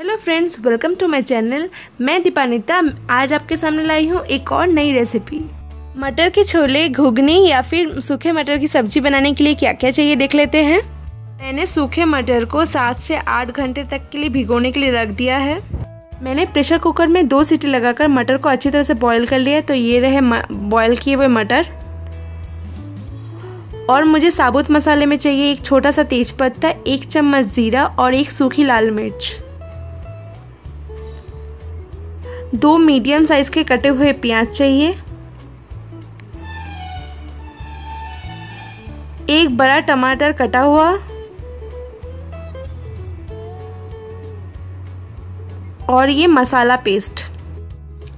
hello friends welcome to my channel मैं दीपानिता आज आपके सामने लाई हूँ एक और नई रेसिपी मटर के छोले घुगनी या फिर सूखे मटर की सब्जी बनाने के लिए क्या क्या चाहिए देख लेते हैं मैंने सूखे मटर को सात से आठ घंटे तक के लिए भिगोने के लिए रख दिया है मैंने प्रेशर कुकर में दो सीटी लगाकर मटर को अच्छी तरह से बॉयल कर लिया तो ये रहे बॉयल किए हुए मटर और मुझे साबुत मसाले में चाहिए एक छोटा सा तेज पत्ता एक चम्मच ज़ीरा और एक सूखी लाल मिर्च दो मीडियम साइज़ के कटे हुए प्याज चाहिए एक बड़ा टमाटर कटा हुआ और ये मसाला पेस्ट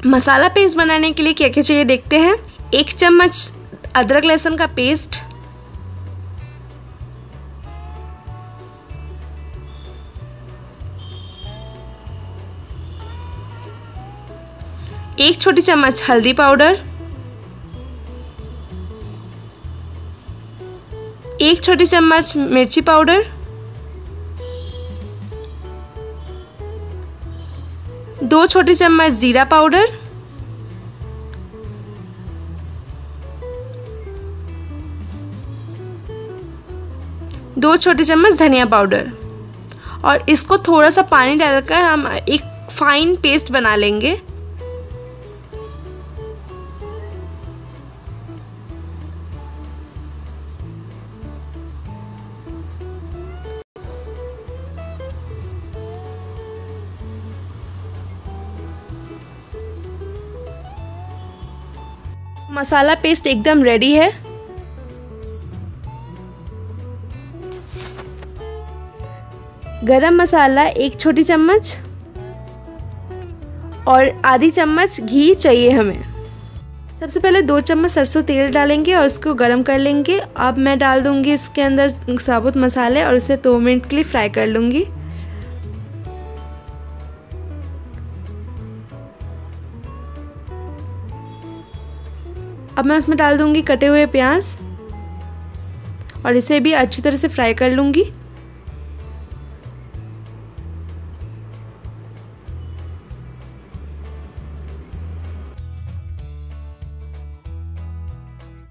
मसाला पेस्ट बनाने के लिए क्या क्या चाहिए देखते हैं एक चम्मच अदरक लहसुन का पेस्ट एक छोटी चम्मच हल्दी पाउडर एक छोटी चम्मच मिर्ची पाउडर दो छोटी चम्मच जीरा पाउडर दो छोटी चम्मच धनिया पाउडर और इसको थोड़ा सा पानी डालकर हम एक फाइन पेस्ट बना लेंगे मसाला पेस्ट एकदम रेडी है गरम मसाला एक छोटी चम्मच और आधी चम्मच घी चाहिए हमें सबसे पहले दो चम्मच सरसों तेल डालेंगे और उसको गर्म कर लेंगे अब मैं डाल दूंगी इसके अंदर साबुत मसाले और उसे दो मिनट के लिए फ्राई कर लूंगी अब मैं उसमें डाल दूँगी कटे हुए प्याज और इसे भी अच्छी तरह से फ्राई कर लूँगी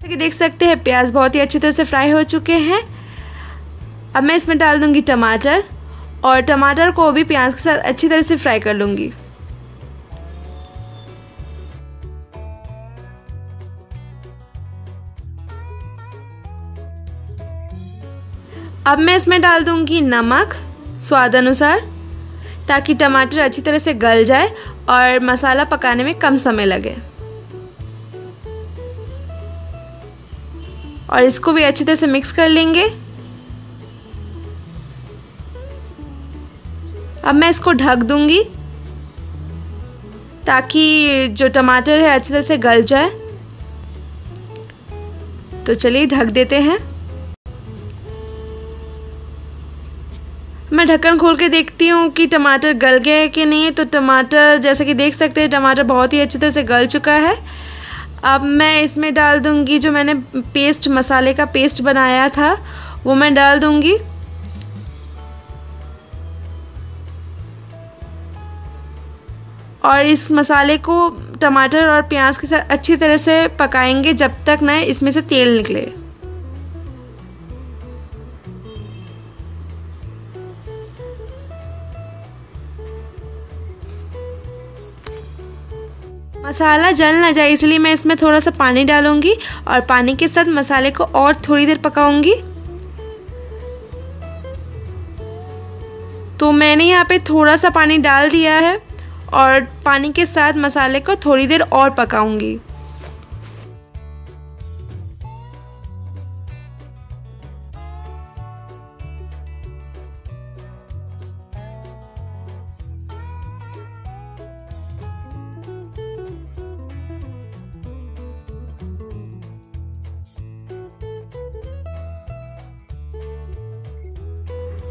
कि देख सकते हैं प्याज बहुत ही अच्छी तरह से फ्राई हो चुके हैं अब मैं इसमें डाल दूँगी टमाटर और टमाटर को भी प्याज के साथ अच्छी तरह से फ्राई कर लूँगी अब मैं इसमें डाल दूंगी नमक स्वाद अनुसार ताकि टमाटर अच्छी तरह से गल जाए और मसाला पकाने में कम समय लगे और इसको भी अच्छी तरह से मिक्स कर लेंगे अब मैं इसको ढक दूंगी ताकि जो टमाटर है अच्छी तरह से गल जाए तो चलिए ढक देते हैं मैं ढक्कन खोल के देखती हूँ कि टमाटर गल गए हैं कि नहीं तो टमाटर जैसा कि देख सकते हैं टमाटर बहुत ही अच्छी तरह से गल चुका है अब मैं इसमें डाल दूँगी जो मैंने पेस्ट मसाले का पेस्ट बनाया था वो मैं डाल दूँगी और इस मसाले को टमाटर और प्याज के साथ अच्छी तरह से पकाएंगे जब तक ना इसमें से तेल निकले मसाला जल ना जाए इसलिए मैं इसमें थोड़ा सा पानी डालूंगी और पानी के साथ मसाले को और थोड़ी देर पकाऊंगी तो मैंने यहाँ पे थोड़ा सा पानी डाल दिया है और पानी के साथ मसाले को थोड़ी देर और पकाऊंगी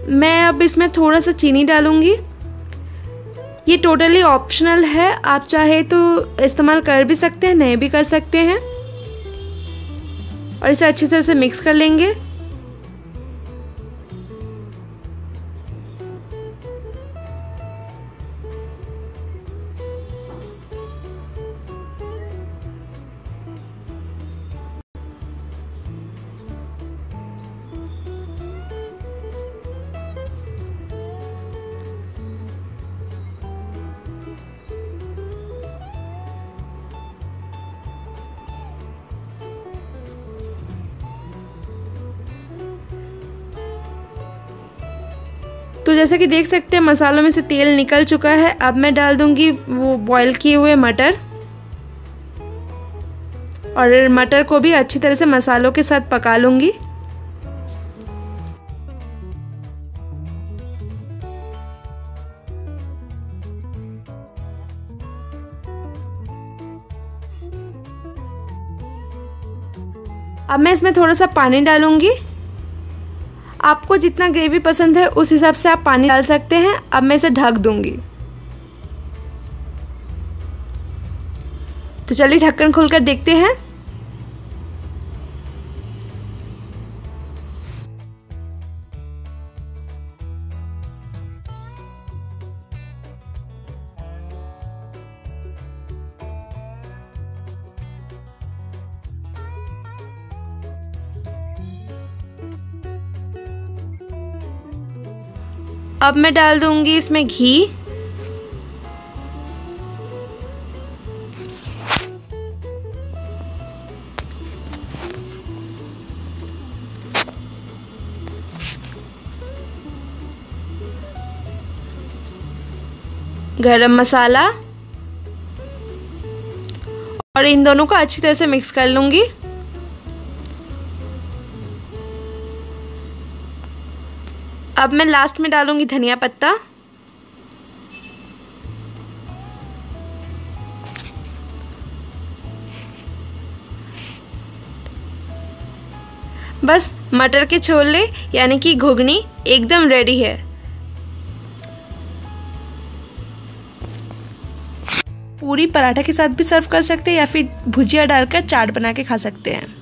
मैं अब इसमें थोड़ा सा चीनी डालूँगी ये टोटली ऑप्शनल है आप चाहे तो इस्तेमाल कर भी सकते हैं नहीं भी कर सकते हैं और इसे अच्छी तरह से मिक्स कर लेंगे तो जैसा कि देख सकते हैं मसालों में से तेल निकल चुका है अब मैं डाल दूंगी वो बॉईल किए हुए मटर और मटर को भी अच्छी तरह से मसालों के साथ पका लूंगी अब मैं इसमें थोड़ा सा पानी डालूंगी आपको जितना ग्रेवी पसंद है उस हिसाब से आप पानी डाल सकते हैं अब मैं इसे ढक दूंगी तो चलिए ढक्कन खोलकर देखते हैं अब मैं डाल दूंगी इसमें घी गरम मसाला और इन दोनों को अच्छी तरह से मिक्स कर लूंगी अब मैं लास्ट में डालूंगी धनिया पत्ता बस मटर के छोले यानी कि घुगनी एकदम रेडी है पूरी पराठा के साथ भी सर्व कर सकते हैं या फिर भुजिया डालकर चाट बना के खा सकते हैं